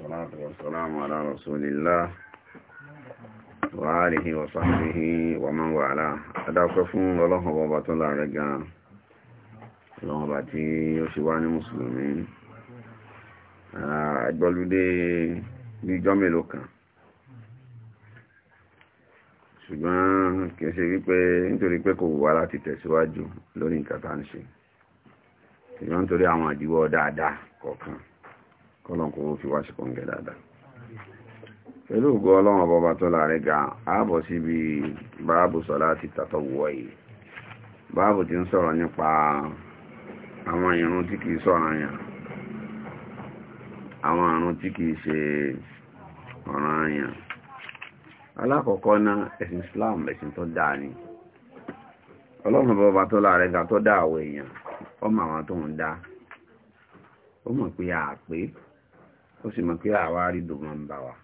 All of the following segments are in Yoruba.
والصلاة والسلام على رسول الله وآله وصحبه ومن والاه أدعوك فون الله وبابات الله رجاء الله باتي يوشواني مسلمين أجبالو دي بيجو mélòó kan ṣùgbọ́n kìí ṣe wípé nítorí pé kò wà láti tẹ̀síwájú lórí nǹkan tá ń ṣe ṣùgbọ́n nítorí àwọn àdíwọ́ dáadáa kọ̀ọ̀kan kọ́lọ̀kọ́ fi wá sí kọ́ǹgẹ̀ dáadáa pẹ̀lú ògo ọlọ́run ọba tó láàrẹ ga ààbọ̀ síbi báàbù sọ̀lá ti tàtọ̀ wọ̀ yìí ti ń sọ̀rọ̀ nípa àwọn ìrun tí kìí sọ̀rọ̀ yàn àwọn àrùn tí kìí ṣe ọ̀ràn yàn alákọ̀ọ́kọ́ náà ẹ̀sìn Islam ẹ̀sìn tó dáa ni ọlọ́run tó ga tó èèyàn ọmọ àwọn tó ń dá ó ó sì mọ̀ pé àwa àrídò máa ń bá wa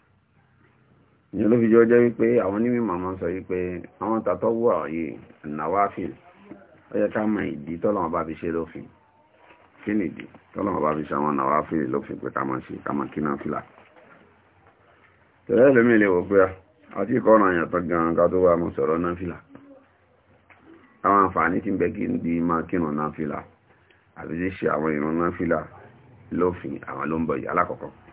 ní ló fi jọ jẹ́ wípé àwọn onímọ̀ máa ń sọ wípé àwọn tàtọ́ wù àwọn yìí nàwáfíl ó yẹ ká mọ ìdí tọ́lọ́mọ bá fi ṣe lófin kí ni ìdí tọ́lọ́mọ bá fi ṣe àwọn nàwáfíl lófin pé ká máa ṣe ká máa kí náà fìlà tẹ̀lé lómi lè wò pé àti ìkọ́nà àyàtọ̀ gan-an ká tó wà mọ́ sọ̀rọ̀ náà fìlà àwọn àǹfààní tí ń bẹ kí ń di máa kírun náà fìlà àbí ṣe àwọn ìrun náà fìlà lófin àwọn ló ń bọ̀ yìí alákọ̀ọ́kọ́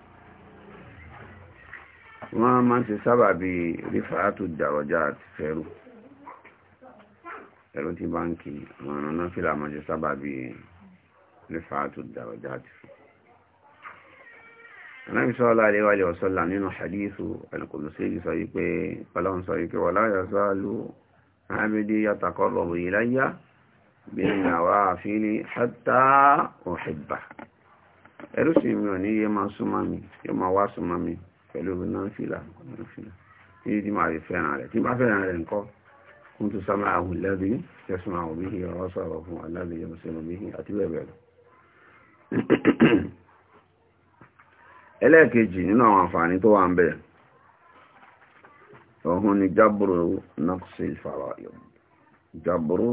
wọ́n máa ń ṣe sábà bí rífàátù dàrọjá àti fẹ́rù ẹ̀rọ tí báńkì àwọn ọ̀nà náà fílà máa ń ṣe sábà bí rífàátù dàrọjá àti fẹ́rù anábi sọ́lá aléwàlé ọ̀sọ́lá nínú hadithu alkùnlùsí sọ wípé ọlọ́run sọ wípé wọ́n láyọ̀ sọ́lú àbídí yàtàkọ́rọ̀bù iláyá bí ìyàwó mi ò ní yé máa súnmọ́ mi yóò máa wá súnmọ́ mi pẹ̀lú náfìlà títí tí máa fi fẹ́ràn rẹ̀ tí bá fẹ́ràn rẹ̀ nǹkan kún tó sámà àwọn lẹ́bí tẹ́sùn àwọn bí ọ̀rọ̀ sọ̀rọ̀ fún aláàbí yẹn sínú bí àti bẹ̀bẹ̀ lọ. ẹlẹ́ẹ̀kejì nínú àwọn àǹfààní tó wà ń bẹ̀ ọ̀hún ni jábúrò nọ́kọ̀sí ìfàrọ̀ ayọ̀ jábúrò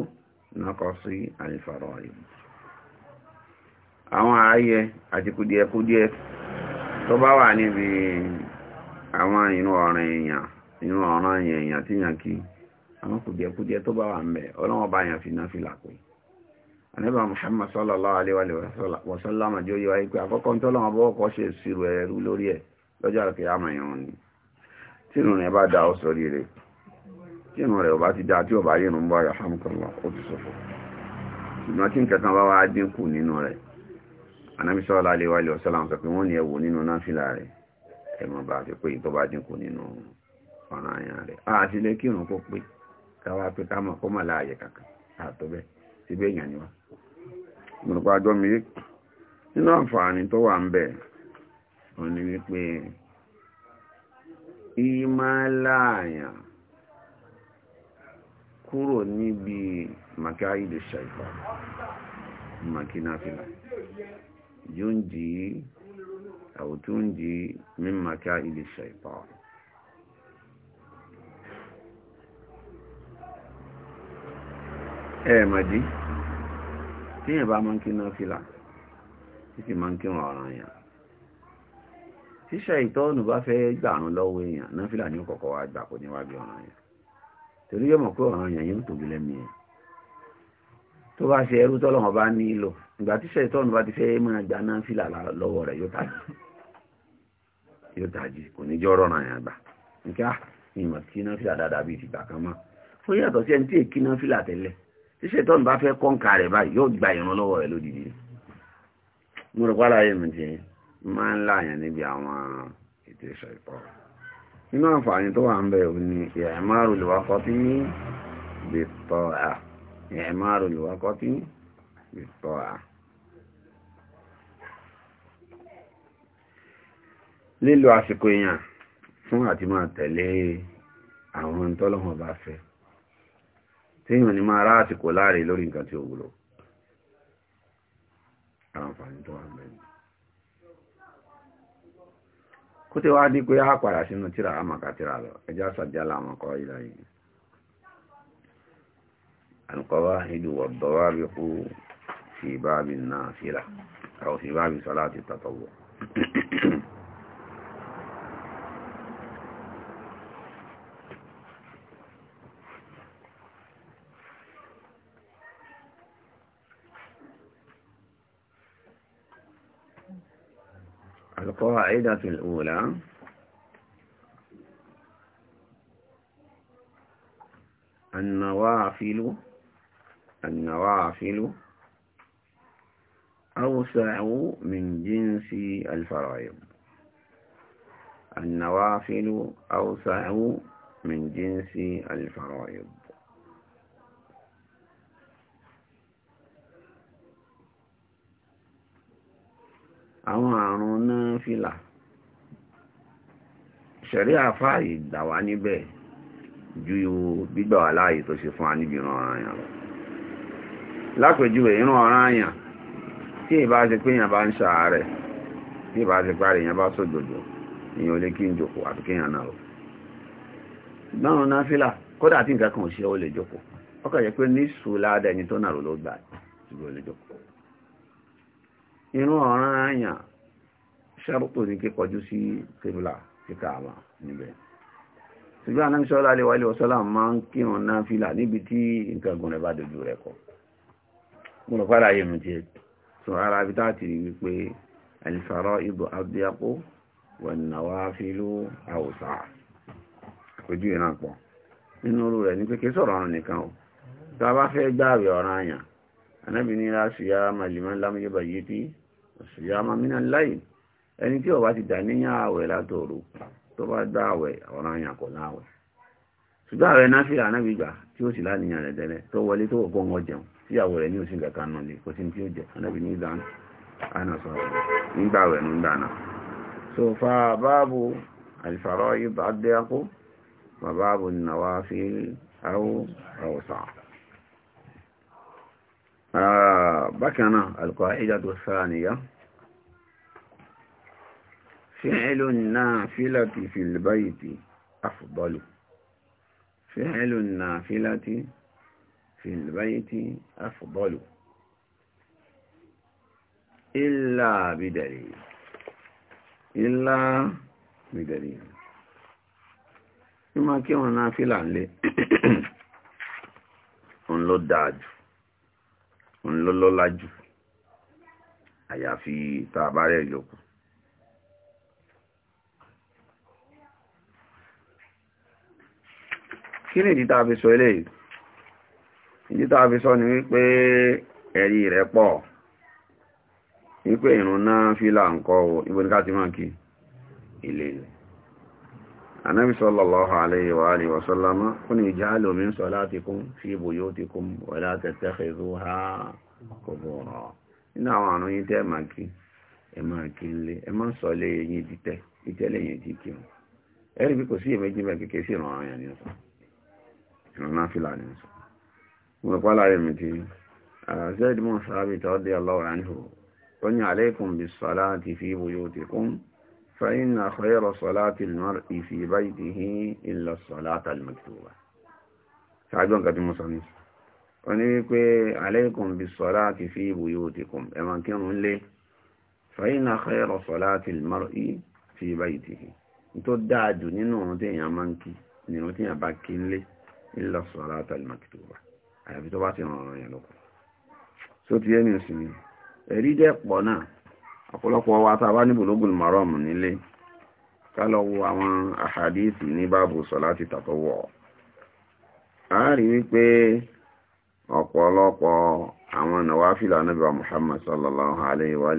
nọ́kọ̀sí àìfàrọ̀ ayọ̀ àwọn ààyè àti kùdìẹ̀kùdìẹ̀ tó bá wà níbi àwọn ìrún ọ̀rìn èèyàn ìrún ọ̀ràn èèyàn tí yàn kí àwọn kùdìẹ̀kùdìẹ̀ tó bá wà ń bẹ̀ bá fi náà fi àníbà Muhammad wa sallam jẹ́ yíwa àkọ́kọ́ tó lọ́wọ́ bọ́ ọkọ̀ ṣe ìṣirò ẹ̀rú lórí ẹ̀ lọ́jọ́ àkè àmà ìrún ni tí ìrún rẹ̀ bá da ó sọ rí rẹ̀ tí rẹ̀ bá ti da tí ò bá bọ́ ó ti ṣùgbọ́n tí nǹkan bá wá nínú rẹ̀ àníbà ẹ̀mọ́ bá fi pé tó bá dínkù nínú ọ̀ràn àyàn rẹ̀ àti ilé kírun kó pé káwá pé ká mọ̀ kó mọ̀ láàyè kankan àtọ́bẹ̀ síbẹ̀ èèyàn ni wá gbogbo àjọ mi nínú àǹfààní tó wà ń bẹ̀ ò ní wípé ìmáláàyàn kúrò níbi màkàídì ṣàìfà màkínáfìlà yóò ń jì أو تنجي من مكائد الشيطان ẹ̀ẹ̀mọ̀dí tí yẹn bá máa ń kí náà fìlà tí sì máa ń kí wọn ọ̀ràn èèyàn tí ṣàìtọ́nù bá fẹ́ gbàrún lọ́wọ́ èèyàn náà fìlà ní kọ̀kọ́ wá gbà kò ní ọ̀ràn èèyàn torí yóò pé ọ̀ràn èèyàn yóò tóbi lẹ́mìí tó bá ṣe ẹrú tọ́lọ́wọ́n bá nílò ìgbà tí ṣẹ̀tọ́nù bá ti fẹ́ máa gbà náà fìlà lọ́wọ́ rẹ̀ yóò tají yóò tají kò ní jọ́rọ̀ náà yàn gbà nígbà ìmọ̀ kí náà fìlà dáadáa bíi tìgbà kan mọ́ fún yàtọ̀ sí ẹni tí èkí náà fìlà tẹ́lẹ̀ tí ṣẹ̀tọ́nù bá fẹ́ kọ́ǹkà rẹ̀ báyìí yóò gba ìran lọ́wọ́ rẹ̀ lódìdí mo rò pálá yẹn mi ti máa ń láàyàn níbi àwọn ètò ìṣọ̀ إعمار الوقت بالطاعة lílò àsìkò èèyàn fún àti máa tẹ̀lé àwọn tọ́lọ́wọ́n bá fẹ́ tí ni ma ra àsìkò láàrẹ lórí nǹkan ti ó wúlò àǹfààní tó wà mẹ́rin kó tí wá القواعد والضوابط في باب النافلة أو في باب صلاة التطوع القاعدة الأولى النوافل النوافل أوسع من جنس الفرائض النوافل أوسع من جنس الفرائض àwọn àrùn náà fìlà ṣẹ̀rí àfáà ìdàwà níbẹ̀ ju gbígbà wà láàyè tó ṣe fún aníbìran ara yàn lọ lápèjúwe irun ọ̀ràn àyàn tí ìbá ṣe pé èèyàn bá ń ṣàárẹ̀ tí ìbá ṣe parí èèyàn bá sójòjò èèyàn ò kí ń jòkó àti kéèyàn náà o gbọ́nrún náà fílà kódà tí nǹkan kan ò ṣe ó lè jòkó ọkọ̀ yẹ pé ní ṣùládà ẹni tó o ló gbà lè jòkó àyàn ní kíkọjú sí kíkà níbẹ̀ ṣùgbọ́n anáṣọ́lá máa ń kírun náà fílà níbi tí nǹkan gùn mo lọ fara ayé mi tiẹ̀ tó ara bí táàtì rí wípé àlìfàrọ ibò abdiakó wà nàwá fílú àwòsà àpéjú ìran pọ̀ nínú rú rẹ̀ ní pé kí sọ̀rọ̀ ọ̀run nìkan o tá a bá fẹ́ gbààwẹ̀ ọ̀ràn àyàn anábì ní ra ṣùyà màlìmọ́ lámúyẹ́ bàyí tí ṣùyà mamínà láì ẹni tí ó ti dà níyàn àwẹ̀ látòrò tó bá gbà àwẹ̀ ọ̀ràn àyàn kò láwẹ̀ ṣùgbọ́n àwẹ̀ náfíà anábì gbà tí ó sì láníyàn rẹ̀ tẹ́lẹ̀ tó wọlé tó kọ́ wọn jẹun tíyàwó rẹ̀ ní oṣù kẹta náà lè kó sí tí ó jẹ anábì ní ìdáná àná sọ nígbà rẹ̀ ní ìdáná so fa báàbù àlìfàrọ̀ yìí bá dé akó fa báàbù nàwa fi àwọ àwòsà bákan náà alqaa'idatu thaniya فعل النافلة في البيت أفضل فعل النافلة في البيت أفضل إلا بدليل إلا بدليل ìmá kí wọn náà fílà ń lé òun ló dáa jù òun ló lọ́lá jù àyàfi tá bá rẹ̀ yòókù kí ni ìdí tá fi sọ eléyìí ìdí tá a fi sọ ni wípé ẹ̀rí rẹ̀ pọ̀ wípé ìrun náà fílà ńkọ́ o ibo ní ká ti máa kí ilé ilẹ̀ anábi sallallahu alayhi wa alihi wa sallama kun ijalu min salatikum fi buyutikum wa la tattakhizuha qubura nínú àwọn àrùn yìí tẹ́ máa kí ẹ máa kí ń lé ẹ máa sọ lé yẹn títẹ́ ìtẹ́lẹ̀ yẹn ti kí wọn ẹ̀rí bí kò sí èméjì mẹ́ kékeré sí ìrun àwọn èèyàn ní ọ̀sán ìrun náà fílà ní ọ̀sán mo pa láàrin mi ti zaid bin sabit radiyallahu anhu ó ní alaykum bis salati fi buyutikum fa inna khayra salati al mar'i fi baytihi illa as-salata al maktuba ṣáájú nǹkan tí mo sọ ní ó ní wípé alaykum bis salati fi buyutikum ẹ máa kírun lé àyàfi tó bá ti ràn ọ̀ràn yẹn lọ́kùn tó ti ẹni òsì ni ẹ̀rí dẹ̀ pọ náà wa tá a bá ní nílé ká lọ wo àwọn àhàdíìsì ní báàbù a rí wípé ọpọlọpọ àwọn Muhammad sallallahu alayhi wa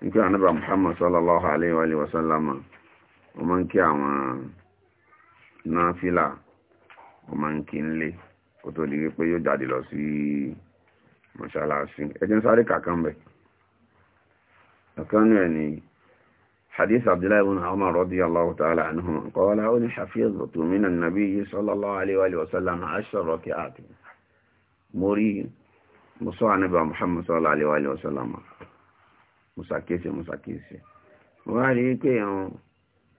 nígbà anábà Muhammad sallallahu alayhi wa sallam wọ́n máa ń kí àwọn náfìlà wọ́n máa ń kí ń lé kó tó di wípé yóò jáde lọ sí mọ́ṣáláṣí ẹjẹ́ ń sáré kàkán bẹ̀ ọ̀kan rẹ̀ ni hadith abdullahi ibn umar radiyallahu ta'ala anhu qala ó ní hafiztu minan nabiyyi صلى الله عليه sallam وسلم. rak'at mo rí mo sọ ànábà Muhammad sallallahu alayhi wa sallam mo ṣàkíyèsí mo ṣàkíyèsí mo wá rí pé ẹ̀hún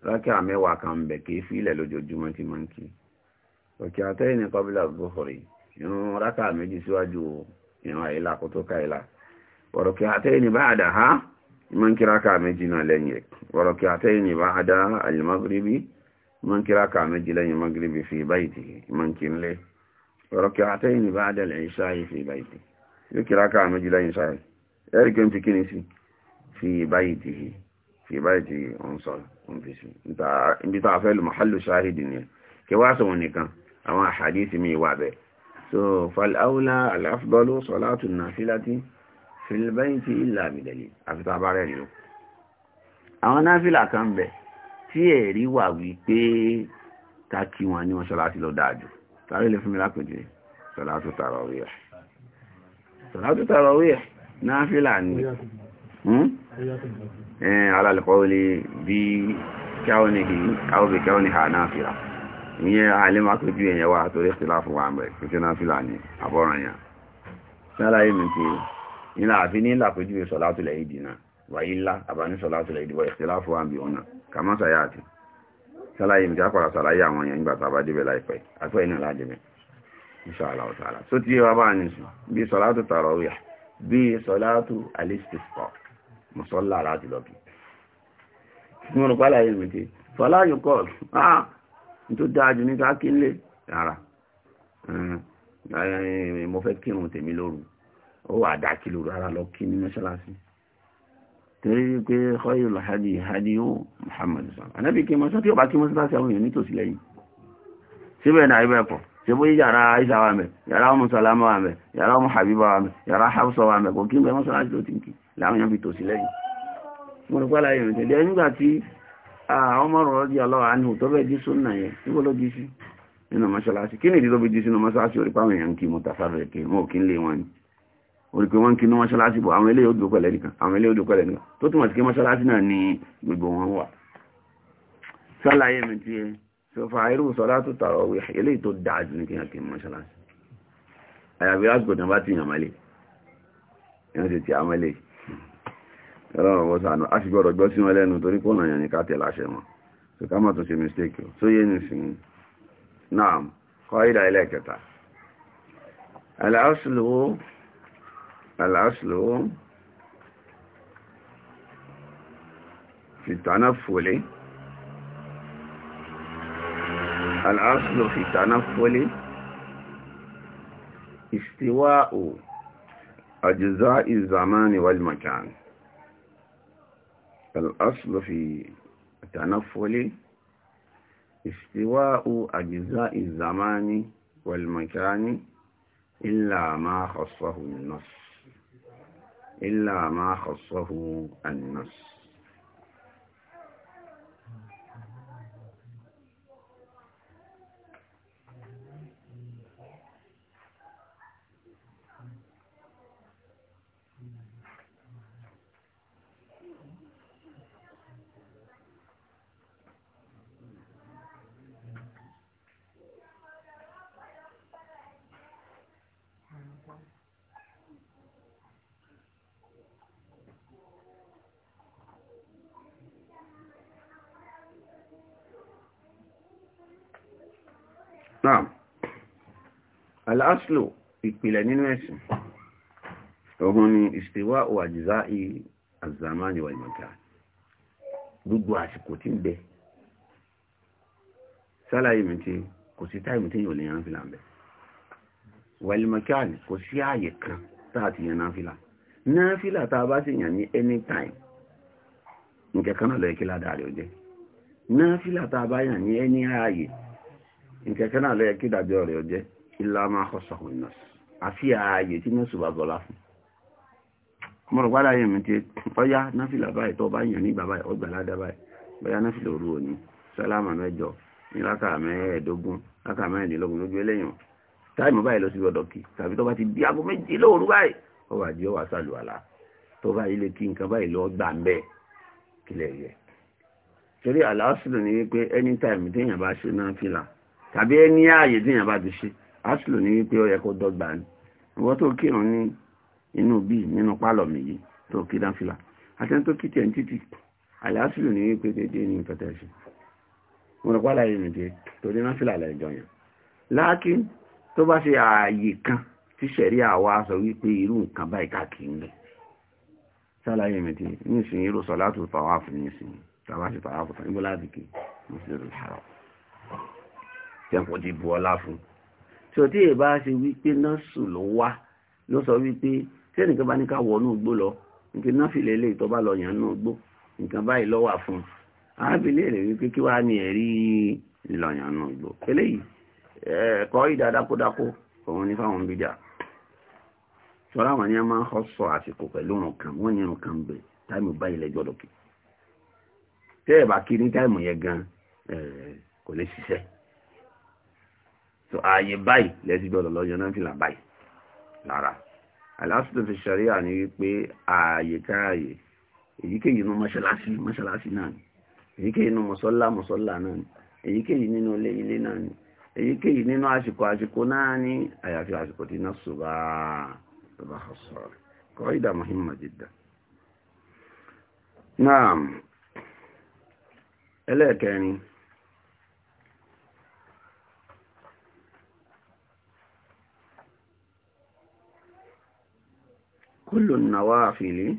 rákà mẹ́wàá kan ń bẹ̀ kì í fílẹ̀ lójoojúmọ́ tí mo ń kí òkè àtẹ́yìn ní kọ́bílà gbófòrè ìrún rákà méjì síwájú ìrún àìlà kó tó káìlà ọ̀rọ̀kì àtẹ́yìn ní báàdà ha mo ń kí rákà méjì náà lẹ́yìn rẹ̀ ọ̀rọ̀kì àtẹ́yìn ní báàdà àlùmọ́gíríbì mo ń kí rákà méjì lẹ́yìn mọ́gíríbì fi báyìí mo ń kí ń lé ọ̀rọ̀kì àtẹ́yìn ní báàdà lẹ́yìn في بيته في بيته انصر انفسي انت بتاع فعل محل شاهد كواسه ونكا او حديث مي وابه so فالاولى الافضل صلاه النافله في البيت الا بدليل àfi tá bá rí lọ àwọn náfìlà kan bẹ tí ẹ̀rí wà wí pé ká kí wọn ní mọ́ṣáláṣí ló dájú tare le fún mi lapeje salatu tarawih salatu tarawih náfìlà ni hmm? على القول بكونه أو بكونها نافلة هي علم أكتبين يا واحد الاختلاف وعمل كنت نافلة عني أبورانيا sára yìí mìtì ilá àfi ní ìlàpéjúwe sọ̀látù lẹ̀ ìdì náà wà ilá àbáni sọ̀látù lẹ̀ ìdì wà ìṣẹ́láfù àmì ọ̀nà kàmọ́ sàyà àti sára yìí mìtì àpàrà sàlàyé àwọn èèyàn nígbà tàbá débẹ̀ láìpẹ́ àpẹ́ iná lájẹ̀bẹ̀ ìṣàlá ọ̀tàlá tó tí wá bá ní sùn bí sọ̀látù tàràwíyà bí sọ̀látù al mọ̀sọ́lá ara jùlọ bí ní wọn pàlà yìí wìtì fọláyò kọ́ ah tó dáa jù ní ká kí lè rárá mo fẹ́ kírun tèmi lóru ó wà dá kìlò rárá lọ kí ní mọ́ṣáláṣí torí pé khairul hadi hadi ó Muhammad sọ anábì kí mọ́ṣáláṣí ọba kí mọ́ṣáláṣí àwọn èèyàn nítòsí lẹ́yìn síbẹ̀ náà ibẹ̀ pọ̀ ṣe bó yàrá Aisha wà mẹ́ yàrá ọmọ Salama wà mẹ́ yàrá ọmọ Habiba wà mẹ́ yàrá Hafsa wà mẹ́ kò kí n bẹ mọ́sálásí ló ti ń kí láwọn èèyàn fi tò sí lẹ́yìn mo rò pálá yẹn tẹ̀lé nígbà tí ọmọ rọ̀ di ọlọ́wà ní òtọ́ bẹ́ẹ̀ jí súnà yẹn níbo ló jí sí nínú mọ́sálásí kí ni ìdí tó fi jí sínú mọ́sálásí orí pàwọn èèyàn kí mo tàfà rẹ̀ kí mo kí ń lé wọn ni orí pé wọ́n ń kí ní mọ́sálásí bọ̀ àwọn eléyìí ó dúró pẹ̀lẹ́ nìkan àwọn eléyìí ó dúró pẹ̀lẹ́ nìkan tó túmọ̀ sí kí mọ́sálásí náà ní gbogbo wọn wà sálàyé mi tiẹ̀ so fàáìrù sọ́lá tó tààrọ̀ wí eléyìí tó dáa jù ní kí yàn kí mọ́ṣáláṣí àyàbí lásìkò tán bá ti yàn mọ́lẹ̀ yàn sì ti àmọ́lẹ̀ ọlọ́run wọ́n sànù a sì gbọ́dọ̀ gbọ́ sí wọn lẹ́nu torí pọ̀nà yàn ní ká tẹ̀ láṣẹ wọn so ká má tún ṣe mistake o yé ní sìn náà kọ́ ìdá ẹlẹ́kẹta aláṣùlù aláṣùlù الأصل في تنفل استواء أجزاء الزمان والمكان الأصل في التنفل استواء أجزاء الزمان والمكان إلا ما خصه النص إلا ما خصه النص aláṣlò ìpìlẹ̀ nínú ẹ̀sìn ogun ni ìṣèwà òwàjìzá àzàmáni wà ìmọ̀ká gbogbo àsìkò tí ń bẹ sálàyé mi ti kò sí táìmù tí yóò lè yan fìlà ń bẹ wà ìmọ̀ká kò sí ààyè kan táàtì yan náà fìlà náà fìlà tá a bá sì yàn ní anytime nǹkan kan náà lọ ẹkẹ ládàá rẹ ó náà fìlà tá a bá yàn ní ẹni ààyè nǹkan kan náà lọ ẹkẹ dàbí ọrẹ ó ilá máa kọ́ sọ̀hún náà àfi ààyè tí mẹ́sù bá bọ́lá fún mọ̀rọ̀ padà yẹn mi ti ọyá náfìlà báyìí tó bá yàn ní bàbá ọgbà ládá báyìí bóyá náfìlà òru òní sálámà mẹ́jọ ní láka mẹ́ẹ̀ẹ́dógún láka mẹ́ẹ̀ẹ́dínlógún lójú eléyàn táìmù báyìí ló sì gbọdọ̀ kí tàbí tó bá ti di aago méjì lóòru báyìí ó wà jí ó wà sàlùwàlà tó torí àlàáfíà ni wípé anytime téèyàn bá ṣe náfìlà tàbí ẹni ààyè téèyàn bá ti ṣe aṣùlù ní wípé ó yẹ kó dọ́gba ni ìwọ tó kírun ní inú bíi nínú pálọ̀ mi yìí tó kí dáńfìlà àtẹni tó kí tiẹ̀ ń títì àlàáṣùlù ní wípé déédéé ní nǹkan tẹ̀ ṣe mo rẹ̀ pálá yìí nìjẹ́ torí náfìlà lẹ́jọ́ yẹn láàkí tó bá ṣe ààyè kan tí ṣẹ̀rí àwa sọ wípé irú nǹkan báyìí káàkiri ńlẹ̀ sálàyé mi ti ní ìsìn irú sọ láti fàwáà fún ìsìn tàbá ṣe fàwáà fún ìbúlá àdìkì mùsùlùmí ṣàrọ̀ tẹ́kọ̀ọ́ ti bu ọlá fún un tí o tí èèbá ṣe wípé náà sùn ló wá ló sọ wípé tí ẹnìkan bá ní ká wọ inú igbó lọ nǹkan náà fìlẹ̀ ilé ìtọ́ bá lọ yàn inú igbó nǹkan báyìí lọ́wà fún un arábìnrin rẹ̀ wípé kí wàá ní ẹ̀rí ìlọ̀yàn inú igbó eléyìí ẹ̀kọ́ ìdá dákúdákú òun ní fáwọn bíjà sọ́ra wọn ni a máa ń sọ àsìkò pẹ̀lú nǹkan wọ́n ní nǹkan bẹ̀ táìmù báyìí lẹ́jọ́ lókè tẹ́ bá kí ní táìmù yẹn gan kò lè ṣiṣẹ́ so ààyè báyìí lẹ́sí gbọ́dọ̀ lọ́jọ́ náà fìlà báyìí lára aláṣùtò fi ṣàríà ní wípé ààyè káàyè èyíkéyìí inú mọ́ṣáláṣí mọ́ṣáláṣí náà ni èyíkéyìí inú mọ́ṣọ́lá mọ́ṣọ́lá náà ni èyíkéyìí nínú ilé ilé náà ni èyíkéyìí nínú àsìkò àsìkò náà ni àyàfi àsìkò tí iná ṣùgbà tó bá sọ̀rọ̀ kọ́ ìdá muhimma jìdá náà ẹlẹ́ẹ̀kẹrin كل النوافل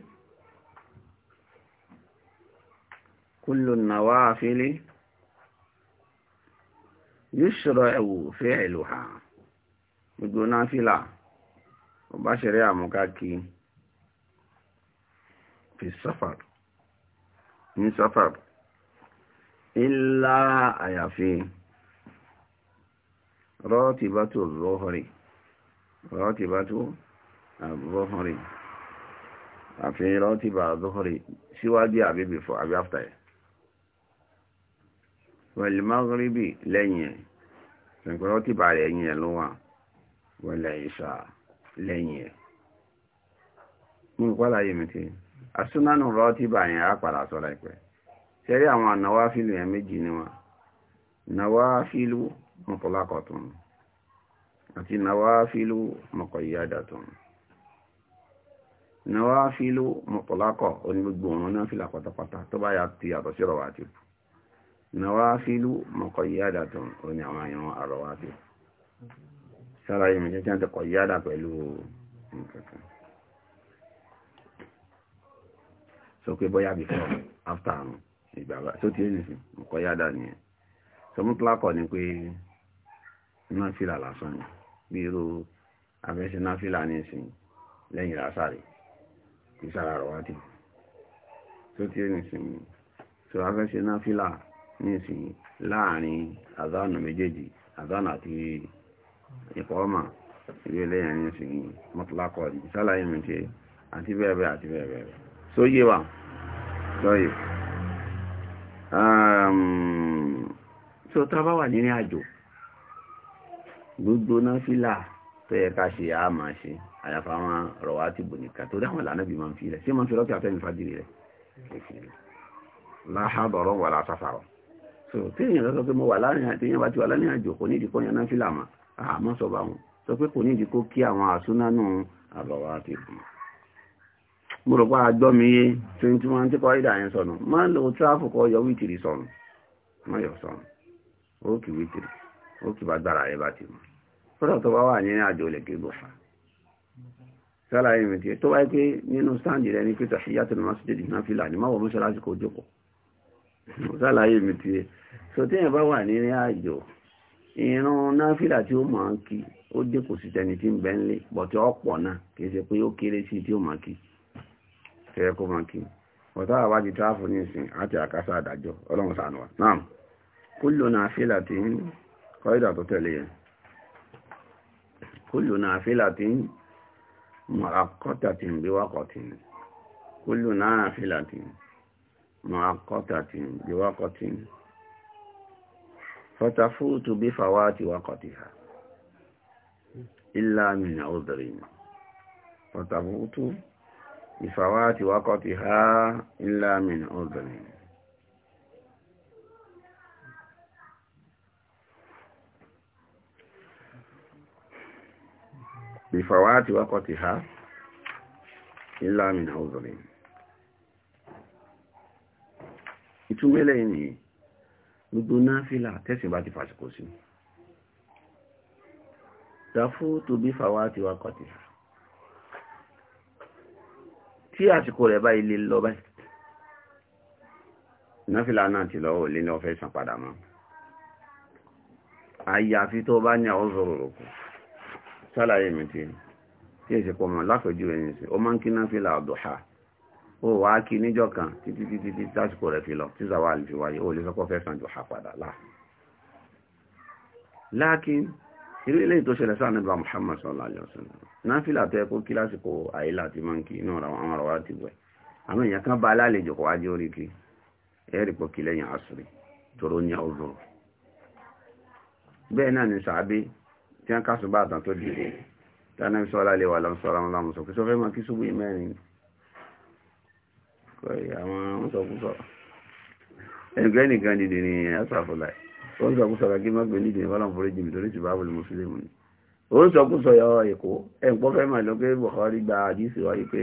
كل النوافل يشرع فعلها gbogbo náfílà ọba ṣẹ̀rẹ́ àmúkákí fi safar ní safar ilá àyàfi rọ́tìbátò rọ́họ̀rì rọ́tìbátò àbúrọ́họ̀rì àfihàn rántí bá zuhri síwájú àbí before àbí ẹ̀ wẹ̀lì maghribi lẹ́yìn ẹ̀ ṣùgbọ́n rántí bá rẹ̀ ẹ̀yìn ẹ̀ ló wà wẹ̀lẹ̀ ìṣà lẹ́yìn ẹ̀ mú yìí mi ti asúnánù bá yẹn á padà àwọn ànáwá fílù yẹn méjì ni wọn fílù mọ̀kọ́lákọ̀tún àti fílù nàwáfílù mọ̀tọ̀lákọ̀ onígbogbo òun náà fìlà pátápátá tó bá yà ti yàtọ̀ sí rọ̀wàtì nàwáfílù mọ̀kọ̀yádàtọ̀ oní àwọn àyàn àrọ̀wàtì sára yìí mẹ́jẹ́ tí wọ́n ti kọ̀ yádà pẹ̀lú nǹkan sọ pé bọ́yá before after àrùn ìgbàgbà tó ti ẹ̀yìn sí mọ̀kọ̀yádà nìyẹn sọ mọ̀tọ̀lákọ̀ ni pé náà fìlà lásán ni bí irú abẹ́sẹ̀ náà fìlà ní kì í sára rọ̀ wá dì tó tí ó ní ìsinmi tó a fẹ́ ṣe náfìlà ní ìsinmi láàrin àdánù méjèèjì àdánù àti ìkọ́ọ̀mà ìwé lẹ́yìn ní ìsinmi mọ́tòlákọ̀ ìsálàyé mi ṣe àti bẹ́ẹ̀ bẹ́ẹ̀ àti bẹ́ẹ̀ bẹ́ẹ̀ só yé wa lọ́yẹ̀ tó tá a bá wà nínú àjò gbogbo náfìlà tó yẹ ká ṣe àá ṣe àyàfà àwọn rọ̀wà àti bòníkà torí àwọn ìlànà bí máa ń fi rẹ̀ sí máa ń fi lọ́kẹ́ àtẹ́yìn fàjìrì rẹ̀ láhàbọ̀rọ̀ wà látàfàrọ̀ so tí èèyàn lọ́sọ pé mo wà láàrin àti èèyàn bá ti wà láàrin àjò kò ní ìdíkọ́ yẹn náà fìlà mà àmọ́ sọ bá wọn sọ pé kò ní ìdíkọ́ kí àwọn àsúnánú àrọ̀wà àti bòníkà mo rò pé àgbọ́ mi yé twenty one tí kọ́ ìdá yẹn sọnù máa ń lo tíráfù kọ́ yọ wítìrì sọnù má yọ sọnù ó kì wítìrì ó kì bá gbára rẹ bá ti mọ̀ fọ́dọ̀ tó bá wà ní àjò lè ké gbòfà sára ìrìn tí tó wáyé pé nínú sáàndì rẹ ní pé tahiyatul masjid náà fi lànà máwọ̀ mọ́ṣáláṣí kò jókòó sára ìrìn tí so tí èèyàn bá wà ní rí àjò ìran náfìlà tí ó máa ń kí ó dínkù sí tẹni tí ń bẹ ń lé bọ̀tí ọ̀pọ̀ náà kì í ṣe pé o kere sí tí ó máa مؤقتة بوقت كل نافلة مؤقتة بوقت فتفوت بفوات وقتها إلا من عذر فتفوت بفوات وقتها إلا من عذر بفوات وقتها إلا من عذر ìtumọ̀ eléyìí ni gbogbo náfílà tẹ́sìn bá ti fàṣíkò sí dáfú tó bí fàwá ti wá kọ̀tì tí àsìkò rẹ̀ bá ilé lọ náfílà náà ti lọ́wọ́ lé ní ọ̀fẹ́ sàn mọ́ àyàfi tó bá ní àwọn zòrò rò sálàyé mi ti tí èsì pọ̀ mọ̀ láfẹ̀jú ẹ̀yìn sí ó máa ń kí náà fílà àdùhà ó wàá kí níjọ́ kan títí títí tí tásìkò rẹ̀ fi lọ tí zawal fi wáyé ó lè sọ́kọ́ fẹ́ san dùhà padà láà láàkín irú ilé tó ṣẹlẹ̀ sáà nígbà Muhammad sallallahu alaihi wasallam náà fílà tẹ́ kó kí lásìkò àyílà ti máa ń kí inú àwọn ọ̀rọ̀ wa ti bẹ̀ àwọn èèyàn kan bá alálejò kọ́ wájú orí kí ẹ̀rì pọ̀ kí lẹ́yìn àṣírí tòró ní ọ̀zọ̀rọ̀ bẹ́ẹ̀ náà ni sàábé tí wọ́n kásùn bá àtàn tó dìde tánà ń sọ́lá lè wà lọ́sọ́rọ̀ ọlọ́run sọ pé sọ fẹ́ mọ́ kí ṣubú ìmẹ́rin kọ́ àwọn oúnjẹkúsọ ẹgbẹ́ nìkan dìde ní asàfọ́lá oúnjẹkúsọ kí mọ́ gbé nídìí ọlọ́run forí jìmì torí ti báàbù mùsùlùmí ni oúnjẹkúsọ yọ èkó ẹ̀ ń pọ́ fẹ́ máa lọ pé Bukhari gba àdísì wáyé pé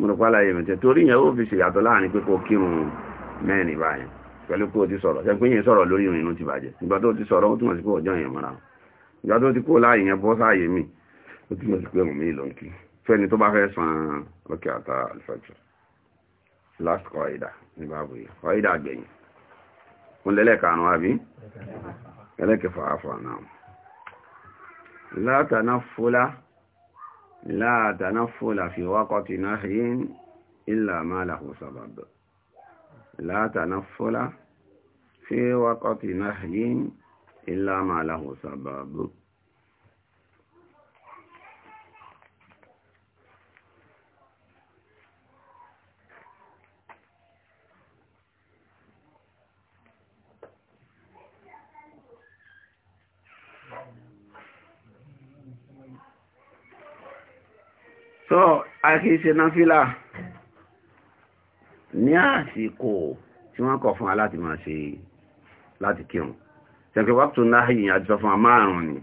múlùpàlà yìí mẹ́tẹ́ torí yẹn ó fi ṣèyàtọ̀ láàrin pé kó kírun mẹ́rin báyìí pẹ̀lú pé o ti sọ̀rọ̀ ṣe pé yẹn sọ̀rọ̀ lórí ìrìn inú ti bàjẹ́ ìgbà tó ti sọ̀rọ̀ ó túmọ̀ sí pé ọjọ́ yẹn mọ́ra ìgbà tó ti kó láàyè yẹn bọ́ sáàyè mi ó túmọ̀ sí pé òun mi lọ kí fẹ́ni tó bá fẹ́ san ọkẹ́ àtà alifajù last kọ́ìdà ní báàbò yìí kọ́ìdà gbẹ̀yìn fún lẹ́lẹ́kàánú àbí ẹlẹ́kẹfà àfà náà látàná fúlá لا تنفل في وقت نهي إلا ما له سبب لا تنفل في وقت نهي إلا ما له سبب so àkíṣe náfílà ní àsìkò tí wọ́n kọ̀ fún aláti máa ṣe láti kírun ṣẹ̀kẹ̀ wákùtù náà ya àjọ fún àmárùn ni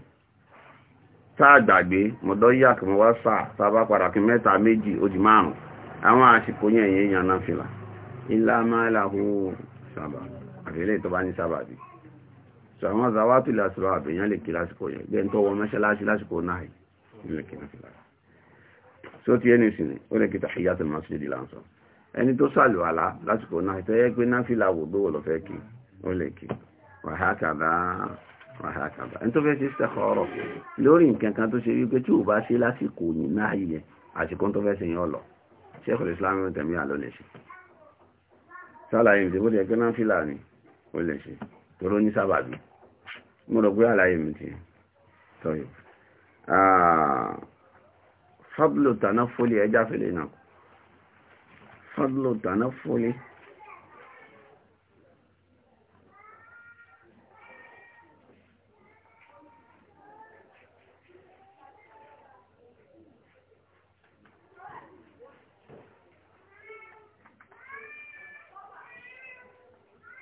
táà gbàgbé mọ̀dọ́ yíyà kí wọ́n wá sà sábà padà kí mẹ́ta méjì ó di márùn àwọn àsìkò yẹn yẹn yàn náfílà ilá máa làhú sábà àfẹ́lẹ́ tó bá ní sábà bí so àwọn zawátù lásìkò àbẹ̀yàn lè kí lásìkò yẹn gbẹ́ntọ́wọ́ mẹ́ṣẹ́ lásìkò náà yìí tí ó ti ẹni sìn ní ó lè kí tahiyatul masjidi láǹsọ ẹni tó sàlù àlá lásìkò náà tó yẹ pé náfìlà wò gbówó lọ fẹ́ kí ó lè kí wàhákàdá wàhákàdá ẹni tó fẹ́ ṣe istikhara lórí nǹkan kan tó ṣe wípé tí ò bá ṣe lásìkò yìí náà yẹ àsìkò tó fẹ́ ṣe yẹn ọlọ Sheikhul Islam Ibn Taymiyyah lè ṣe sálàyé mi tí bó ti ẹgbẹ́ náfìlà ni ó lè ṣe tóró ní sábàbí mo rò pé àlàyé mi ti tọ́yọ̀ فضل التنفل يا جافل الإناء فضل التنفل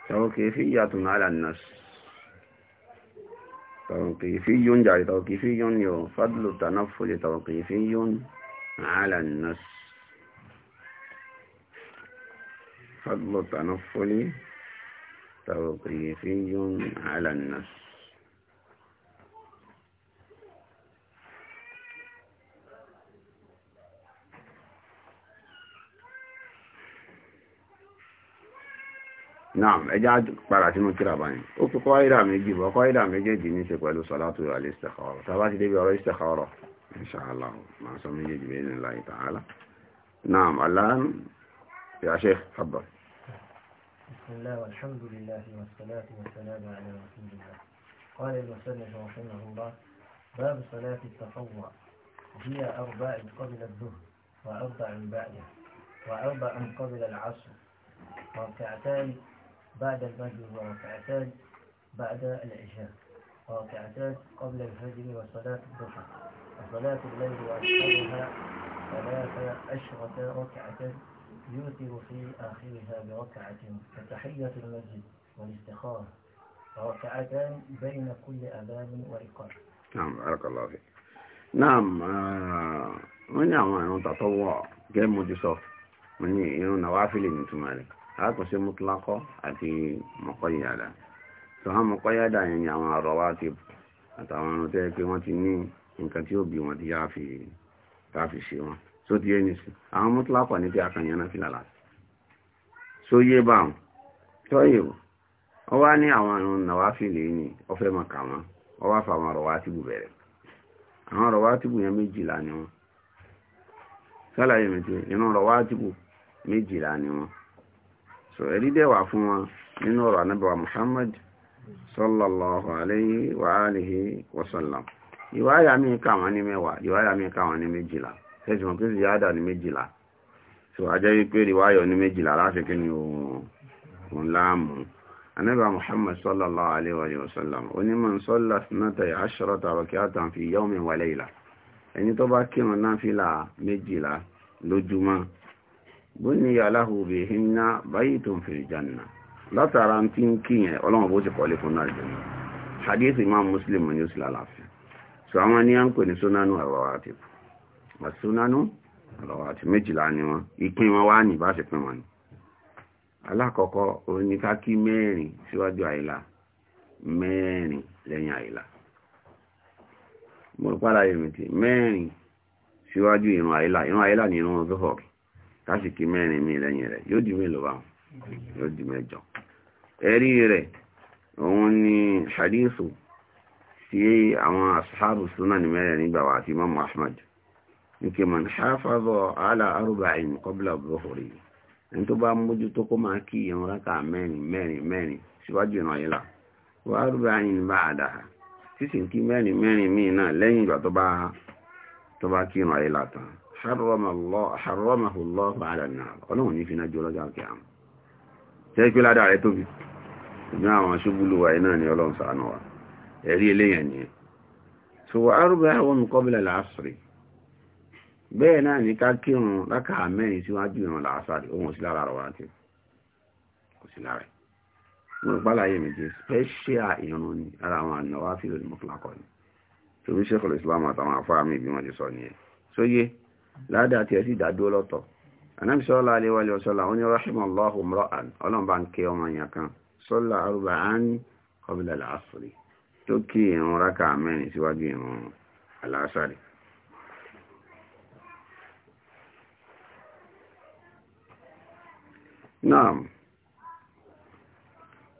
سواء كيفية على الناس توقيفي جعل توقيفي يفضل التنفذ توقيفي على النص فضل التنفل توقيفي على النص نعم اجاد بارات من كرابين او من ميجي بو قوايرا ميجي دي ني سي قالو صلاه على الاستخاره تابعتي دي بيو الاستخاره ان شاء الله ما سمي دي بين الله تعالى نعم الان يا شيخ تفضل بسم الله والحمد لله والصلاة والسلام على رسول الله قال المسلم رحمه الله باب صلاة التطوع هي أرباع قبل الظهر وأربع بعده وأربع قبل العصر ركعتان بعد الفجر وركعتان بعد العشاء وركعتان قبل الفجر وصلاة الضحى وصلاة الليل وأشهرها ثلاث أشهر ركعة يوتر في آخرها بركعة كتحية المسجد والاستخارة وركعتان بين كل أذان وإقامة نعم بارك الله فيك نعم آه، من نعم àwọn تطوع tàtọ́wọ́ gẹ́gẹ́ من نوافل wọ́n àtúnṣe mutulakọ mutlakọ mọ̀kọ́yàdà ti àtàwọn ọ̀run tẹ́ pé ti ní nǹkan tí ó wọn ti yáa fi káàfi ṣe wọn tó ti ẹni sí àwọn mutulakọ náà yé wọn tó kà àwọn ti bù bẹ̀rẹ̀ àwọn àrọ̀wá ti bù yẹn méjìlá ni wọn sálàyé mi ti wọn. so ẹ̀rí dẹ̀ wà fún wọn nínú ọ̀rọ̀ anábàwà Muhammad sallallahu alayhi wa alihi wa sallam ìwáyà mi kà wọ́n ní mẹ́wàá ìwáyà mi kà wọ́n ní méjìlá ẹ̀sùn wọn kí sì yáàdà ní méjìlá so ajẹ́ wípé ìwáyọ̀ ní méjìlá láti kí ni òun láàmú anábà Muhammad sallallahu alayhi wa sallam onímọ̀ ń sọ́lá sinata rak'atan fi yawmin wa layla ẹni tó bá kírun náà fìlà méjìlá lójúmọ́ bóníyà aláhùbè hinna báyìí tó ń fi ìjànà látara tí ń kí yẹn ọlọ́run bó fún náà jẹ́ hadith muslim ní oṣù lálàáfíà so àwọn ní à ń pè ní sunanu alawatib sunanu alawatib méjìlá ni wọn ìpín wọn ni kásìkí mẹ́rin mi lẹ́yìn rẹ̀ yóò di mélòó báwọn yóò di mẹ́jọ ẹ̀rí rẹ̀ òun ni hadithu tí àwọn asáàbù súnà ní mẹ́rin nígbà wà àti imam nke ala arba'in qabla dhuhri ẹni tó bá mójú tó kó máa kí ìrun rákà mẹ́rin mẹ́rin mẹ́rin síwájú ìran yìí là mẹ́rin mẹ́rin míì náà lẹ́yìn ìgbà tó bá kí ìran yìí là tán haramahu الله ala an-nar ọlọ́run ní fi náà jọ lọ́jọ́ àkẹ́ àmà tẹ́ pé ládàá rẹ̀ tóbi ìgbà àwọn aṣúgbùlù wa iná ni ọlọ́run ṣàánú wa ẹ̀rí eléyàn ni so arúgbó àwọn mukọ́bílẹ̀ làásìrì bẹ́ẹ̀ náà ní ká kírun láka mẹ́rin síwájú ìran làásàrì ohun sí lára wa ti kò sí lára mo rò pàlàyé mi jẹ special irun ni ara àwọn ànáwá fílò ní mọ́fìlákọ̀ ni tòun ṣe ìsìlámù àtàwọn àfáà mi ìbí ti sọ nìyẹn sóyé so, ládàá tí ẹ sì dádúró lọ́tọ̀ anábì sọ́lá aléwálé ọ̀sọ́lá ó ní rahimallahu imra'an ọlọ́mbà ń ké ọmọ yẹn kan sọ́lá arba'an qabla al-asri tó kí ìrun rákà mẹ́rin síwájú ìrun al-asri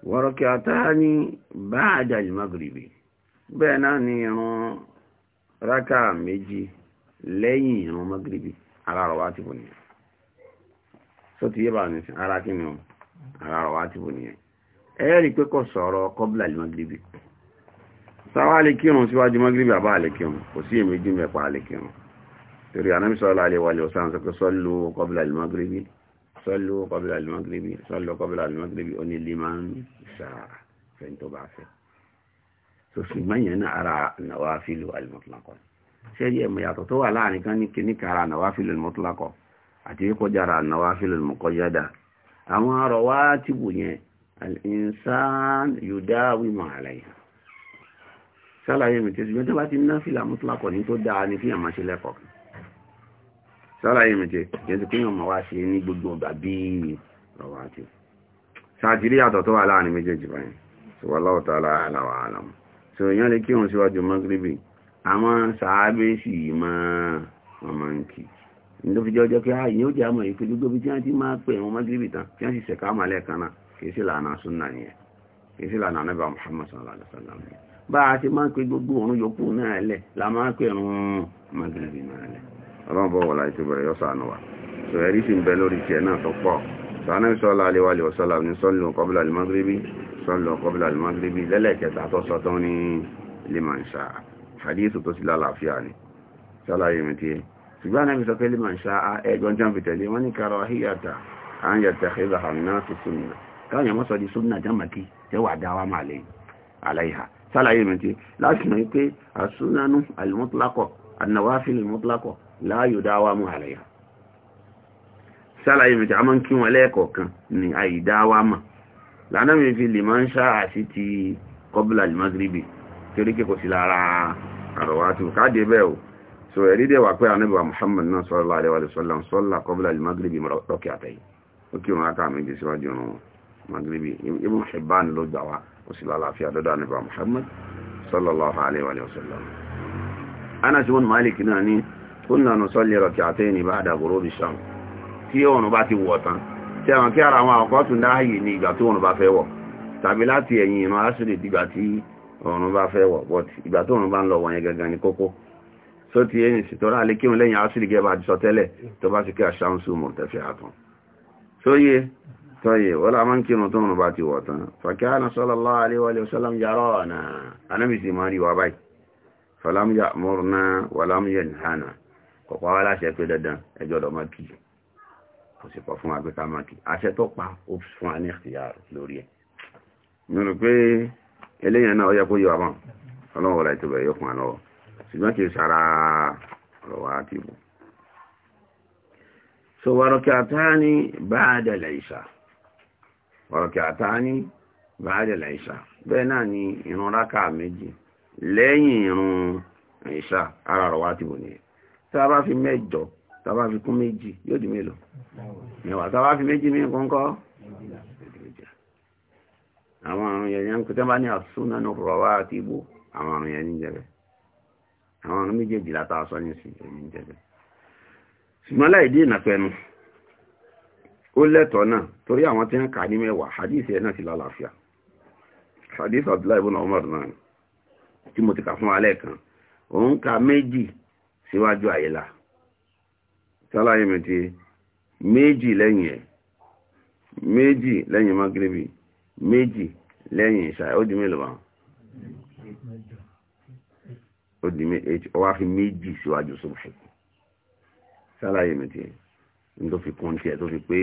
wọ́rọ̀kẹ́ àtàání ba'da al-maghribi bẹ́ẹ̀ lẹ́yìn ìrun mọ́gìrìbì ara rọ̀ wá ti bò nìyẹn sọ ti yé bá ní ara kí ni o ara rọ̀ wá ti bò nìyẹn ẹ rí pé kò sọ̀rọ̀ kọ́bílà lè mọ́gìrìbì sáwá lè kírun síwájú mọ́gìrìbì àbá lè kírun kò sí èméjì mẹ́pa lè kírun torí anábì sallallahu alaihi wa sallam sọ pé sallu kọ́bílà lè mọ́gìrìbì sallu kọ́bílà lè mọ́gìrìbì sallu kọ́bílà lè mọ́gìrìbì ó ní lè máa ń sàrà fẹ́ni bá fẹ́ so ṣùgbọ́n yẹn náà ara nàwa fílù al-mutlaq ṣẹ́rí ẹ̀mọ̀ yàtọ̀ tó wà láàrin kan ní kíní kara nàwáfílù mọ́tòlákọ̀ àti kọjára nàwáfílù mọ́kọ́yádà àwọn arọ̀ wá ti wù yẹn al-insan yudawi màálẹ̀ sálàyé mi tẹ́sí yọ́n tó bá ti ná fìlà mọ́tòlákọ̀ ní tó dáa ní kíyàn máa ṣe lẹ́kọ̀ọ́ sálàyé mi tẹ́ yẹn ti kíyàn máa wá ṣe ní gbogbo ọgbà bíi rọ̀wá ti sàtìrí yàtọ̀ tó wà láàrin méjèèjì báyìí àwọn sàábẹ́sì máa wọn máa ń kì ní tó fi jẹ́ ọjọ́ pé a ah, yóò jẹ́ àmọ̀ ìpé gbogbo bí tí wọ́n ti máa pè wọn mágíríbì tán tí wọ́n sì ṣẹ̀ká àmàlẹ́ kan náà kìí sí lànà súnà nìyẹn kìí sí lànà anábà Muhammad sallallahu alaihi wasallam bá a ti máa ń pè gbogbo òun yòókù náà lẹ̀ la máa pè rún mágíríbì náà lẹ̀ ọlọ́run bọ̀ wọ̀lá ètò ìbẹ̀rẹ̀ yọ́sà ànú wa sọ ẹ̀rí sì ń bẹ lórí tiẹ̀ náà tó pọ̀ sànàbí sallallahu alaihi liman sha'a hadith tó sí lálàáfíà ni ṣàlàyé mi tí ṣùgbọ́n anábi sọ pé lè máa ṣáá ẹgbọ́n jẹ́ fìtẹ̀lé wọ́n ní kàrọ ahíyàtà àyà tẹ̀kẹ́lá hàmìnà tó súnmà káwọn yẹn mọ́sọ̀ di súnmà jámàkí tẹ́wà dáwà máa lè aláìhà ṣàlàyé mi tí láti mọ̀ pé àsúnanú alìmọ́tòlákọ̀ ànàwáfíìlì mọ́tòlákọ̀ láàyò dáwà mú aláìhà ṣàlàyé mi tí a àrọ̀wátù káàdì bẹ́ẹ̀ o so ẹ̀rí dẹ̀ wà pé anábíwá Muhammad náà sallallahu alaihi wa sallam sọ́lá kọ́bílà magribi lọ́kẹ́ àtẹ́yìn ó kí òun aká méjì síwájú ọ̀run magribi Ibn Hibban ló gbà wá ó sì lálàáfíà dọ́dọ̀ anábíwá Muhammad sallallahu alaihi wa sallam Anas ibn Malik náà ní kúnnà nù sọ́lẹ̀ rọ̀kẹ́ àtẹ́yìn ba'da ghurubi shams tí òun bá ti kí ara àwọn àkọ́tún dáhàyè ní ìgbà tí òun bá fẹ́ wọ̀ tàbí láti ẹ̀yìn ìran aṣèlè dìgbà tí ọ̀run bá fẹ́ wọ̀ but ìgbà tó ọ̀run bá ń lọ wọ̀nyẹn gangan ní kókó só ti ẹni sì tọ́ra alẹ́ kírun lẹ́yìn asìlì gẹ́gẹ́ bá ti sọ tẹ́lẹ̀ tó bá ti kí àṣàhùn sí mọ̀ tẹ́fẹ́ àtún sóyè tọ́yè wọ́n la máa ń kírun tó ọ̀run bá ti wọ̀ tán fàkẹ́ àná sallallahu alaihi wa sallam yàrá ọ̀nà anábìsì máa rí wa báyìí falam ya'murna walam nínú pé eléyàn náà ó kó yọ àbọ̀n ọlọ́run ọ̀la ètò yóò kún àlọ́ ṣùgbọ́n kì í ọ̀rọ̀ wa ti bù. so wàrọ̀kì àtàní báàdà làìsà wàrọ̀kì àtàní báàdà bẹ́ẹ̀ náà ni ìrun rákà méjì lẹ́yìn ìrun ìṣà ara ọ̀rọ̀ wa ti bù nìyẹn tá a bá fi mẹ́jọ tá a bá fi kún méjì yóò àwọn àrùn yẹn yẹn kò tẹ́ bá ní àsúná ní rọ̀wá àti ibò àwọn àrùn yẹn ní jẹ́bẹ̀ àwọn àrùn méjèèjì látà sọ ní sí ẹni jẹ́bẹ̀ ṣùgbọ́n láì dí ìnàpẹnu ó lẹ́tọ̀ọ́ náà torí àwọn tí ń kà ní mẹ́wàá hadith ẹ̀ náà ti lálàáfíà hadith abdullahi ibn umar náà tí mo ti kà fún alẹ́ kan òun ka méjì síwájú àyílá sálàyé mi ti méjì lẹ́yìn ẹ̀ méjì lẹ́yìn magrebi méjì lẹ́yìn ìṣà ó di mélòó báwọn ó di fi méjì síwájú sófù sálàyé mi tiẹ̀ ní tó fi kún tiẹ̀ tó fi pé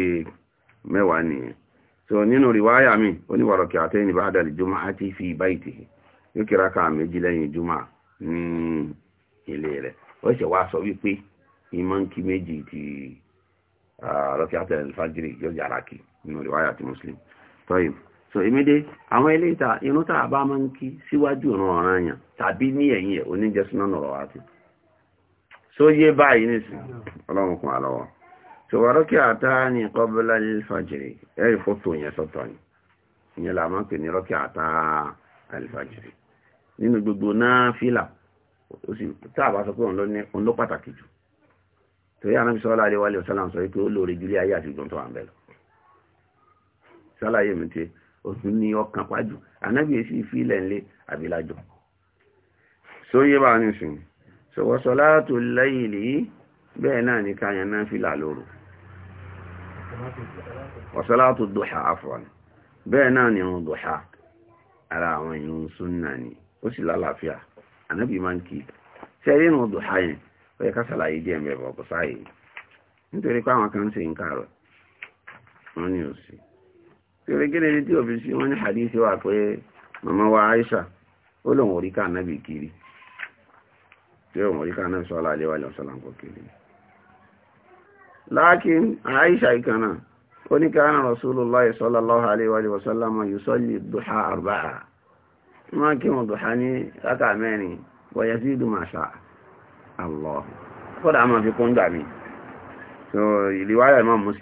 mẹ́wàá nìyẹn so nínú rìwáyà mi oníwàrọ̀ kí àtẹ́yìn ní bá jùmọ̀ àti fi baiti yóò kíra ká méjì lẹ́yìn jùmọ̀ ní ilé rẹ̀ ó ṣe wá sọ wípé ìmọ̀ ń kí méjì ti àtẹ́yìn yóò yára kí nínú rìwáyà ti muslim tọ́yìn so ìmídé àwọn ilé ìta irun tá a bá máa ń kí síwájú ìran ọ̀ràn yàn tàbí ní ẹ̀yìn ẹ̀ oníjẹ́ nọ̀rọ̀ wá sí so yé báyìí nìsín ọlọ́run kan àlọ́wọ́ so wàrọ́ kí àtá ní kọ́bílá ní fàjìrì ẹ̀rì fótó yẹn sọ́tọ̀ ni ìyẹn là máa ń pè ní rọ́kì àtá àlìfàjìrì nínú gbogbo náà fílà ó sì tá a bá sọ pé òun ló pàtàkì jù torí àwọn ìṣọ́lá àríwá ilé ọ̀sán òtún ní ọkàn pàjù ànábì èsì esi ńlẹ̀ àbílájọ sóyè bá ní sùn sọ̀wọ́sọ látò lẹ́yìn lè bẹ́ẹ̀ náà ní káyàn náà fi là lóru wọ́sọ́látò dùhà afọ́n ara àwọn irun ni ó sì lálàáfíà ànábì máa ń kí sẹ́rí irun kérégédé tí òfin sí wọ́n ní hadith wà pé màmá wa Aisha ó lòun orí ká nábì kiri tí òun orí ká nábì sọ́lá alẹ́ wàlẹ́ ọ̀sọ́lá nǹkan kiri láàkín Aisha ìkànnà ó ní káàna Rasulullah sallallahu alaihi wa sallam yusalli duha arba'a máa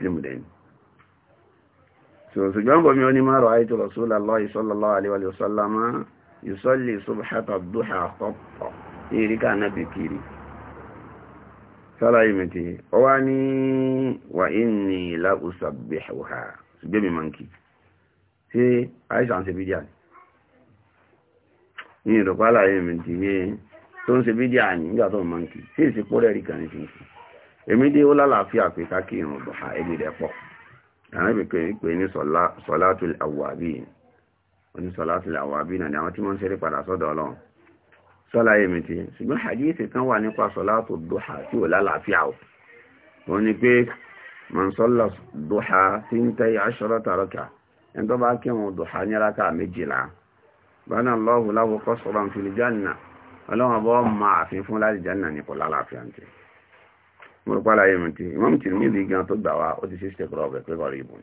kí ṣùgbọ́n bọ̀ mi ó ní ma ra'aytu Rasulallahi sallallahu alaihi wa sallam yusalli subhata duha qatta ní ìríkà náà bìkìrì sálàyé mẹ́tẹ̀ ọ wá ní wà inni la usabbihuha ṣùgbọ́n mi máa ń kì ṣe àìsàn ṣe bídíà ní ìrọ̀pá àlàyé mẹ́tẹ̀ yẹn tó ń ṣe bídíà nígbà tó máa ń ìsìnkú rẹ̀ àrẹ́bì pé ní sọ̀látùl àwàbín oní sọ̀látùl àwàbín náà ni àwọn tí wọ́n ń ṣeré padà sọ́dọ̀ ọlọ́run sọ́lá èmi ti ṣùgbọ́n hadisi kan wà nípa sọ̀látù dúhà tí ò lálàáfíà ò wọ́n ni pé mọ̀nsọ́lá dúhà tí ń tẹ́ aṣọ́rọ̀ tàrọ́kà ẹni tó bá kí wọn dúhà ní rákà méjìlá bánà lọ́hùn láwùkọ́ sọ̀rọ̀ fil janna ọlọ́run bọ́ máa àfin fún láti janna ní lálàáfíà ń mo rò pàlàyé mi ti Imam Tirmidhi gan tó gbà wá ó ti ṣe ṣèkọrọ ọbẹ pé kọrọ ìbùn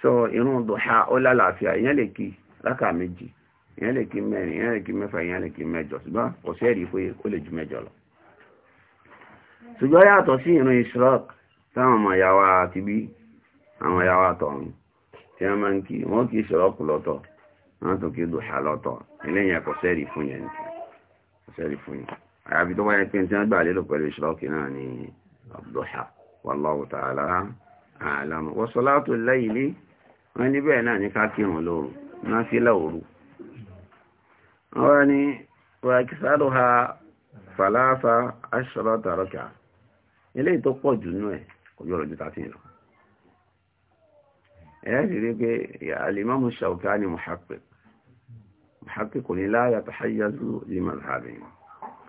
so irun duha ó lálàáfíà ìyẹn lè kí rákà méjì ìyẹn lè kí mẹ́rin ìyẹn lè kí mẹ́fà ìyẹn lè kí mẹ́jọ ṣùgbọ́n kò sí ẹ̀rí pé ó lè ju mẹ́jọ lọ ṣùgbọ́n yàtọ̀ sí irun ishraq táwọn ọmọ ìyá wa ti bí àwọn ìyá wa tọ̀run tí wọ́n máa ń kí wọ́n kì í lọ́tọ̀ wọ́n tún kí duha lọ́tọ̀ eléyìí kò sẹ́rí fún yẹn kò sẹ́rí fún yẹn àbí tó wáyé pé tí wọ́n gbà lérò pẹ̀lú ìṣọ́ọ̀kì náà ni abdullahi wallahu ta'ala a'lam wa salatu layli wọ́n ní bẹ́ẹ̀ náà ní ká kírun lóru náà sí lẹ́wòrú wọ́n ní wà kí sáró ha fàlàfà ashrata rak'a